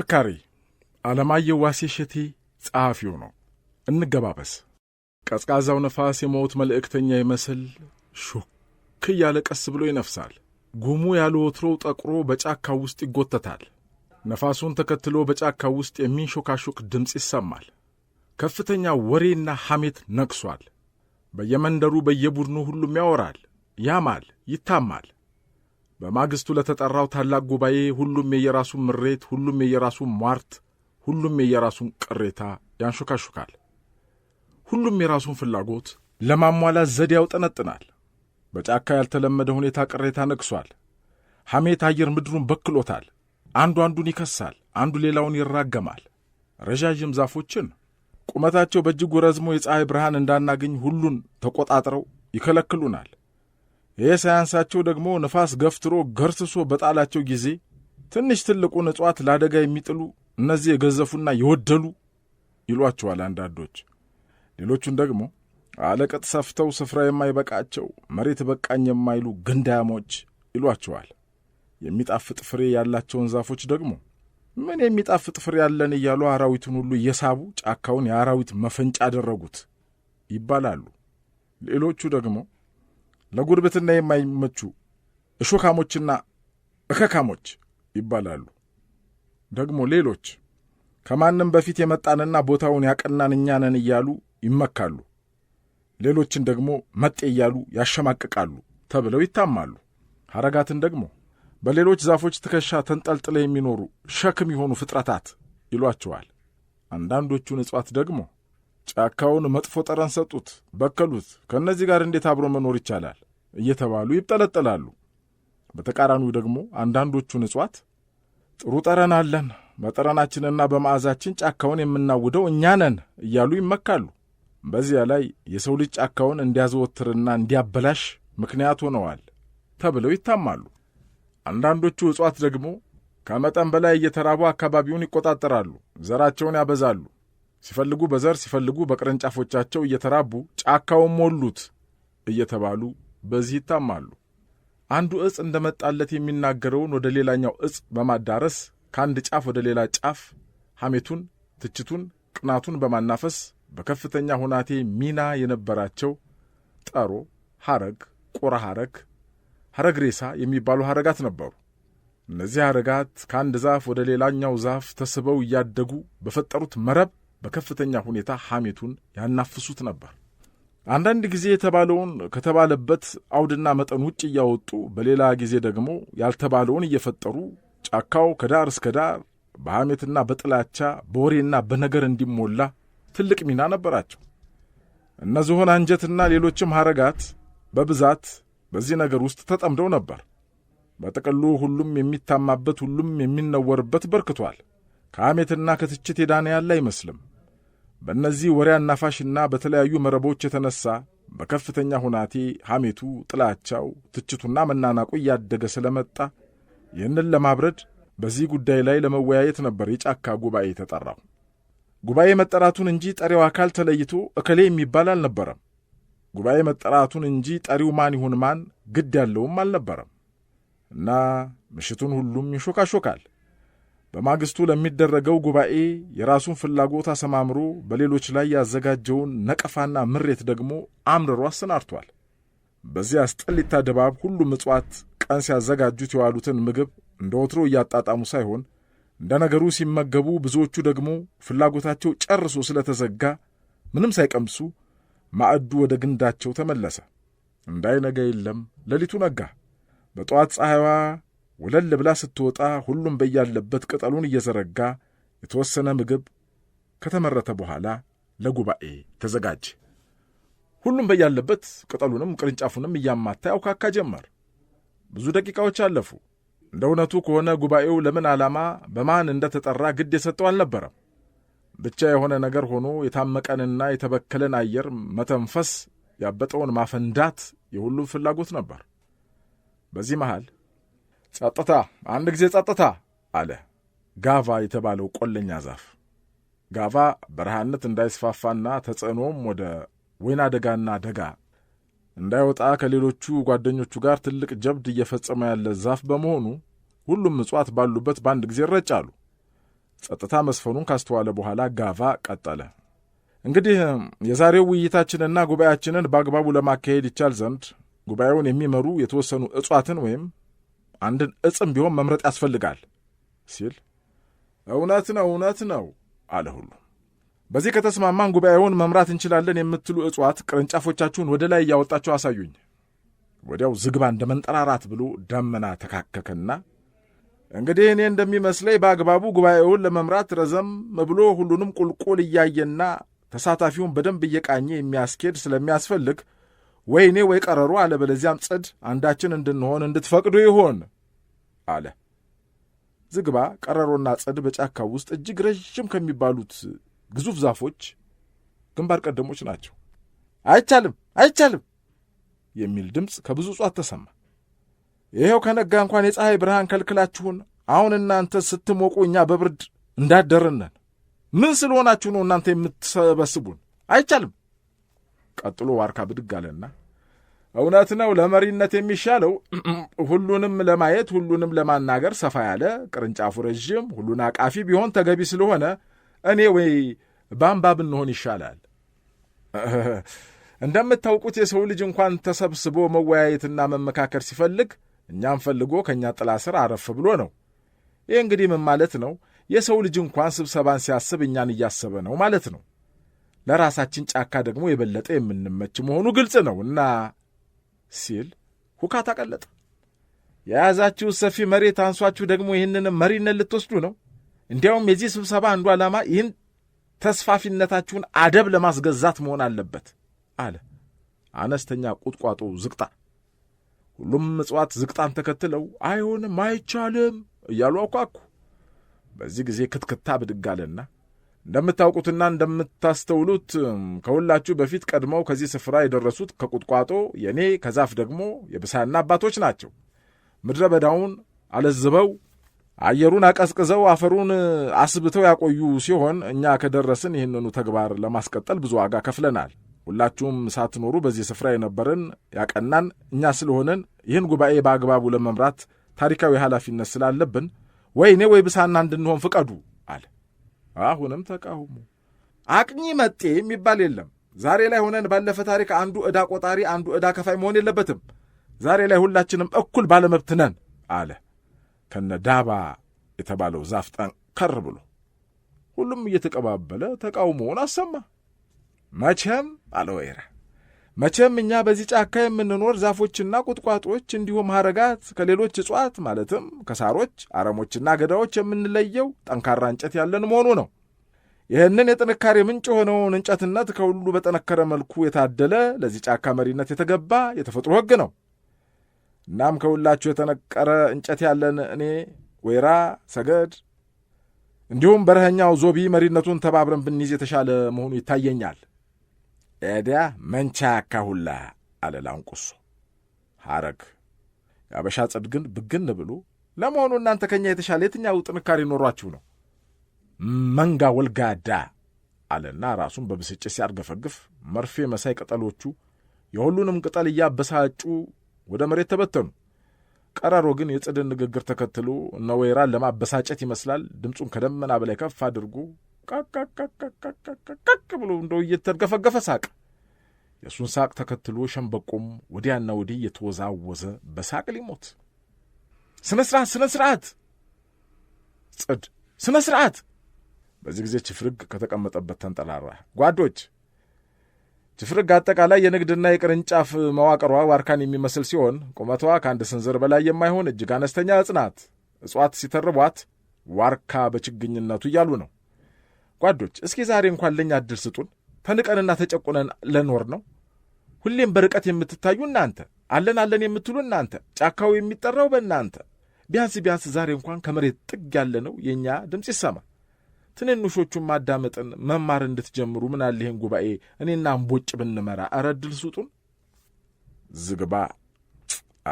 ፍካሬ ዓለማየሁ ዋሴ ሸቴ ጸሐፊው ነው። እንገባበስ። ቀዝቃዛው ነፋስ የሞት መልእክተኛ ይመስል ሹክ እያለ ቀስ ብሎ ይነፍሳል። ጉሙ ያለ ወትሮው ጠቁሮ በጫካው ውስጥ ይጎተታል። ነፋሱን ተከትሎ በጫካው ውስጥ የሚንሾካሾክ ድምፅ ይሰማል። ከፍተኛ ወሬና ሐሜት ነግሷል። በየመንደሩ በየቡድኑ ሁሉም ያወራል፣ ያማል፣ ይታማል። በማግስቱ ለተጠራው ታላቅ ጉባኤ ሁሉም የየራሱን ምሬት፣ ሁሉም የየራሱን ሟርት፣ ሁሉም የየራሱን ቅሬታ ያንሾካሹካል። ሁሉም የራሱን ፍላጎት ለማሟላት ዘዴ ያውጠነጥናል። በጫካ ያልተለመደ ሁኔታ ቅሬታ ነግሷል። ሐሜት አየር ምድሩን በክሎታል። አንዱ አንዱን ይከሳል፣ አንዱ ሌላውን ይራገማል። ረዣዥም ዛፎችን ቁመታቸው በእጅጉ ረዝሞ የፀሐይ ብርሃን እንዳናገኝ ሁሉን ተቆጣጥረው ይከለክሉናል። ይህ ሳያንሳቸው ደግሞ ነፋስ ገፍትሮ ገርስሶ በጣላቸው ጊዜ ትንሽ ትልቁን እጽዋት ለአደጋ የሚጥሉ እነዚህ የገዘፉና የወደሉ ይሏቸዋል አንዳንዶች። ሌሎቹን ደግሞ አለቅጥ ሰፍተው ስፍራ የማይበቃቸው መሬት በቃኝ የማይሉ ግንዳያሞች ይሏቸዋል። የሚጣፍጥ ፍሬ ያላቸውን ዛፎች ደግሞ ምን የሚጣፍጥ ፍሬ ያለን እያሉ አራዊቱን ሁሉ እየሳቡ ጫካውን የአራዊት መፈንጫ አደረጉት ይባላሉ። ሌሎቹ ደግሞ ለጉርብትና የማይመቹ እሾካሞችና እከካሞች ይባላሉ። ደግሞ ሌሎች ከማንም በፊት የመጣንና ቦታውን ያቀናን እኛ ነን እያሉ ይመካሉ። ሌሎችን ደግሞ መጤ እያሉ ያሸማቅቃሉ ተብለው ይታማሉ። ሐረጋትን ደግሞ በሌሎች ዛፎች ትከሻ ተንጠልጥለ የሚኖሩ ሸክም የሆኑ ፍጥረታት ይሏቸዋል። አንዳንዶቹን እጽዋት ደግሞ ጫካውን መጥፎ ጠረን ሰጡት፣ በከሉት፣ ከእነዚህ ጋር እንዴት አብሮ መኖር ይቻላል እየተባሉ ይብጠለጠላሉ። በተቃራኒው ደግሞ አንዳንዶቹን እጽዋት ጥሩ ጠረን አለን፣ በጠረናችንና በመዓዛችን ጫካውን የምናውደው እኛ ነን እያሉ ይመካሉ። በዚያ ላይ የሰው ልጅ ጫካውን እንዲያዘወትርና እንዲያበላሽ ምክንያት ሆነዋል ተብለው ይታማሉ። አንዳንዶቹ እጽዋት ደግሞ ከመጠን በላይ እየተራቡ አካባቢውን ይቆጣጠራሉ፣ ዘራቸውን ያበዛሉ፣ ሲፈልጉ በዘር ሲፈልጉ በቅርንጫፎቻቸው እየተራቡ ጫካውን ሞሉት እየተባሉ በዚህ ይታማሉ። አንዱ እጽ እንደመጣለት የሚናገረውን ወደ ሌላኛው እጽ በማዳረስ ከአንድ ጫፍ ወደ ሌላ ጫፍ ሐሜቱን፣ ትችቱን፣ ቅናቱን በማናፈስ በከፍተኛ ሁናቴ ሚና የነበራቸው ጠሮ ሐረግ፣ ቁራ ሐረግ፣ ሐረግ ሬሳ የሚባሉ ሐረጋት ነበሩ። እነዚህ ሐረጋት ከአንድ ዛፍ ወደ ሌላኛው ዛፍ ተስበው እያደጉ በፈጠሩት መረብ በከፍተኛ ሁኔታ ሐሜቱን ያናፍሱት ነበር። አንዳንድ ጊዜ የተባለውን ከተባለበት አውድና መጠን ውጭ እያወጡ፣ በሌላ ጊዜ ደግሞ ያልተባለውን እየፈጠሩ ጫካው ከዳር እስከ ዳር በሐሜትና በጥላቻ በወሬና በነገር እንዲሞላ ትልቅ ሚና ነበራቸው። እነ ዝሆን አንጀትና ሌሎችም ሐረጋት በብዛት በዚህ ነገር ውስጥ ተጠምደው ነበር። በጥቅሉ ሁሉም የሚታማበት ሁሉም የሚነወርበት በርክቷል። ከሐሜትና ከትችት የዳነ ያለ አይመስልም። በእነዚህ ወሬ አናፋሽና በተለያዩ መረቦች የተነሳ በከፍተኛ ሁናቴ ሐሜቱ፣ ጥላቻው፣ ትችቱና መናናቁ እያደገ ስለመጣ ይህንን ለማብረድ በዚህ ጉዳይ ላይ ለመወያየት ነበር የጫካ ጉባኤ የተጠራው። ጉባኤ መጠራቱን እንጂ ጠሪው አካል ተለይቶ እከሌ የሚባል አልነበረም። ጉባኤ መጠራቱን እንጂ ጠሪው ማን ይሁን ማን ግድ ያለውም አልነበረም እና ምሽቱን ሁሉም ይሾካሾካል። በማግስቱ ለሚደረገው ጉባኤ የራሱን ፍላጎት አሰማምሮ በሌሎች ላይ ያዘጋጀውን ነቀፋና ምሬት ደግሞ አምርሮ አሰናድቷል። በዚህ አስጠሊታ ድባብ ሁሉም ምጽዋት ቀን ሲያዘጋጁት የዋሉትን ምግብ እንደ ወትሮ እያጣጣሙ ሳይሆን እንደ ነገሩ ሲመገቡ፣ ብዙዎቹ ደግሞ ፍላጎታቸው ጨርሶ ስለተዘጋ ምንም ሳይቀምሱ ማዕዱ ወደ ግንዳቸው ተመለሰ። እንዳይ ነገ የለም። ሌሊቱ ነጋ። በጠዋት ፀሐይዋ ወለል ብላ ስትወጣ ሁሉም በያለበት ቅጠሉን እየዘረጋ የተወሰነ ምግብ ከተመረተ በኋላ ለጉባኤ ተዘጋጀ። ሁሉም በያለበት ቅጠሉንም ቅርንጫፉንም እያማታ ያውካካ ጀመር። ብዙ ደቂቃዎች አለፉ። እንደ እውነቱ ከሆነ ጉባኤው ለምን ዓላማ በማን እንደተጠራ ግድ የሰጠው አልነበረም። ብቻ የሆነ ነገር ሆኖ የታመቀንና የተበከለን አየር መተንፈስ፣ ያበጠውን ማፈንዳት የሁሉም ፍላጎት ነበር። በዚህ መሃል ጸጥታ፣ አንድ ጊዜ ጸጥታ አለ ጋቫ የተባለው ቆለኛ ዛፍ። ጋቫ በረሃነት እንዳይስፋፋና ተጽዕኖም ወደ ወይና ደጋና ደጋ እንዳይወጣ ከሌሎቹ ጓደኞቹ ጋር ትልቅ ጀብድ እየፈጸመ ያለ ዛፍ በመሆኑ ሁሉም እጽዋት ባሉበት በአንድ ጊዜ ረጭ አሉ። ጸጥታ መስፈኑን ካስተዋለ በኋላ ጋቫ ቀጠለ። እንግዲህ የዛሬው ውይይታችንና ጉባኤያችንን በአግባቡ ለማካሄድ ይቻል ዘንድ ጉባኤውን የሚመሩ የተወሰኑ እጽዋትን ወይም አንድን እጽም ቢሆን መምረጥ ያስፈልጋል ሲል እውነት ነው እውነት ነው አለ ሁሉ። በዚህ ከተስማማን ጉባኤውን መምራት እንችላለን የምትሉ እጽዋት ቅርንጫፎቻችሁን ወደ ላይ እያወጣችሁ አሳዩኝ። ወዲያው ዝግባ እንደ መንጠራራት ብሎ ደመና ተካከከና እንግዲህ እኔ እንደሚመስለኝ በአግባቡ ጉባኤውን ለመምራት ረዘም ብሎ ሁሉንም ቁልቁል እያየና ተሳታፊውን በደንብ እየቃኘ የሚያስኬድ ስለሚያስፈልግ ወይ ወይ ቀረሩ፣ በለዚያም ጽድ አንዳችን እንድንሆን እንድትፈቅዱ ይሆን አለ። ዝግባ ቀረሮና ጽድ በጫካው ውስጥ እጅግ ረዥም ከሚባሉት ግዙፍ ዛፎች ግንባር ቀደሞች ናቸው። አይቻልም አይቻልም የሚል ድምፅ ከብዙ እጽዋት ተሰማ። ይኸው ከነጋ እንኳን የፀሐይ ብርሃን ከልክላችሁን፣ አሁን እናንተ ስትሞቁ እኛ በብርድ እንዳደርነን ምን ስለሆናችሁ ነው እናንተ የምትሰበስቡን? አይቻልም። ቀጥሎ ዋርካ ብድግ አለና እውነት ነው። ለመሪነት የሚሻለው ሁሉንም ለማየት ሁሉንም ለማናገር ሰፋ ያለ ቅርንጫፉ ረዥም ሁሉን አቃፊ ቢሆን ተገቢ ስለሆነ እኔ ወይ ባምባ ብንሆን ይሻላል። እንደምታውቁት የሰው ልጅ እንኳን ተሰብስቦ መወያየትና መመካከር ሲፈልግ እኛም ፈልጎ ከእኛ ጥላ ስር አረፍ ብሎ ነው። ይህ እንግዲህ ምን ማለት ነው? የሰው ልጅ እንኳን ስብሰባን ሲያስብ እኛን እያሰበ ነው ማለት ነው። ለራሳችን ጫካ ደግሞ የበለጠ የምንመች መሆኑ ግልጽ ነው እና ሲል ሁካታ ቀለጠ። የያዛችሁ ሰፊ መሬት አንሷችሁ ደግሞ ይህንን መሪነት ልትወስዱ ነው። እንዲያውም የዚህ ስብሰባ አንዱ ዓላማ ይህን ተስፋፊነታችሁን አደብ ለማስገዛት መሆን አለበት አለ። አነስተኛ ቁጥቋጦ ዝቅጣ። ሁሉም እጽዋት ዝቅጣን ተከትለው አይሆንም፣ አይቻልም እያሉ አኳኩ። በዚህ ጊዜ ክትክታ ብድግ አለና እንደምታውቁትና እንደምታስተውሉት ከሁላችሁ በፊት ቀድመው ከዚህ ስፍራ የደረሱት ከቁጥቋጦ የኔ ከዛፍ ደግሞ የብሳና አባቶች ናቸው። ምድረ በዳውን አለዝበው አየሩን አቀዝቅዘው አፈሩን አስብተው ያቆዩ ሲሆን እኛ ከደረስን ይህንኑ ተግባር ለማስቀጠል ብዙ ዋጋ ከፍለናል። ሁላችሁም ሳትኖሩ በዚህ ስፍራ የነበርን ያቀናን እኛ ስለሆንን ይህን ጉባኤ በአግባቡ ለመምራት ታሪካዊ ኃላፊነት ስላለብን ወይ እኔ ወይ ብሳና እንድንሆን ፍቀዱ አለ። አሁንም ተቃውሞ አቅኚ መጤ የሚባል የለም። ዛሬ ላይ ሆነን ባለፈ ታሪክ አንዱ ዕዳ ቆጣሪ፣ አንዱ ዕዳ ከፋይ መሆን የለበትም። ዛሬ ላይ ሁላችንም እኩል ባለመብት ነን አለ ከነ ዳባ የተባለው ዛፍ ጠንከር ብሎ። ሁሉም እየተቀባበለ ተቃውሞውን አሰማ። መቼም አለ ወይራ መቼም እኛ በዚህ ጫካ የምንኖር ዛፎችና ቁጥቋጦዎች እንዲሁም ሐረጋት ከሌሎች እጽዋት ማለትም ከሳሮች፣ አረሞችና ገዳዎች የምንለየው ጠንካራ እንጨት ያለን መሆኑ ነው። ይህንን የጥንካሬ ምንጭ የሆነውን እንጨትነት ከሁሉ በጠነከረ መልኩ የታደለ ለዚህ ጫካ መሪነት የተገባ የተፈጥሮ ሕግ ነው። እናም ከሁላችሁ የተነቀረ እንጨት ያለን እኔ፣ ወይራ፣ ሰገድ እንዲሁም በረኸኛው ዞቢ መሪነቱን ተባብረን ብንይዝ የተሻለ መሆኑ ይታየኛል። ኤድያ መንቻ ያካሁላ አለ ላንቁሶ ሐረግ የአበሻ ጽድ ግን ብግን ብሎ ለመሆኑ እናንተ ከኛ የተሻለ የትኛው ጥንካሬ ኖሯችሁ ነው? መንጋ ወልጋዳ አለና ራሱን በብስጭት ሲያርገፈግፍ መርፌ መሳይ ቅጠሎቹ የሁሉንም ቅጠል እያበሳጩ ወደ መሬት ተበተኑ። ቀረሮ ግን የጽድን ንግግር ተከትሎ ነወይራን ለማበሳጨት ይመስላል ድምፁን ከደመና በላይ ከፍ አድርጎ ቃቃቃቃቃቃቅ ብሎ እንደው እየተርገፈገፈ ሳቅ። የእሱን ሳቅ ተከትሎ ሸምበቆም ወዲያና ወዲህ የተወዛወዘ በሳቅ ሊሞት። ስነ ስርዓት ስነ ስርዓት ጽድ ስነ ስርዓት። በዚህ ጊዜ ችፍርግ ከተቀመጠበት ተንጠራራ። ጓዶች ችፍርግ አጠቃላይ የንግድና የቅርንጫፍ መዋቅሯ ዋርካን የሚመስል ሲሆን ቁመቷ ከአንድ ስንዝር በላይ የማይሆን እጅግ አነስተኛ እጽናት እጽዋት ሲተርቧት ዋርካ በችግኝነቱ እያሉ ነው። ጓዶች እስኪ ዛሬ እንኳን ለእኛ እድል ስጡን ተንቀንና ተጨቁነን ለኖር ነው። ሁሌም በርቀት የምትታዩ እናንተ፣ አለን አለን የምትሉ እናንተ፣ ጫካው የሚጠራው በእናንተ ቢያንስ ቢያንስ ዛሬ እንኳን ከመሬት ጥግ ያለነው የእኛ ድምፅ ይሰማል። ትንንሾቹን ማዳመጥን መማር እንድትጀምሩ ምናለ ይህን ጉባኤ እኔና እምቦጭ ብንመራ አረድል ዕድል ስጡን። ዝግባ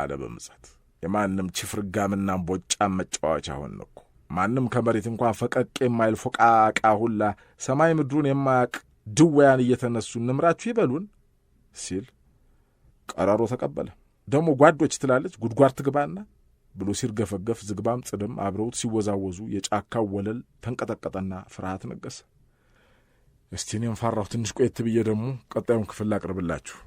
አለ በምጸት የማንም ችፍርጋምና እምቦጫ መጫወቻ አሁን እኮ ማንም ከመሬት እንኳን ፈቀቅ የማይል ፎቃቃ ሁላ ሰማይ ምድሩን የማያቅ ድወያን እየተነሱ እንምራችሁ ይበሉን ሲል ቀረሮ ተቀበለ። ደግሞ ጓዶች ትላለች ጉድጓድ ትግባና ብሎ ሲርገፈገፍ ዝግባም ጽድም አብረውት ሲወዛወዙ የጫካው ወለል ተንቀጠቀጠና ፍርሃት ነገሰ። እስቲ እኔም ፈራሁ። ትንሽ ቆየት ብዬ ደግሞ ቀጣዩን ክፍል ላቅርብላችሁ።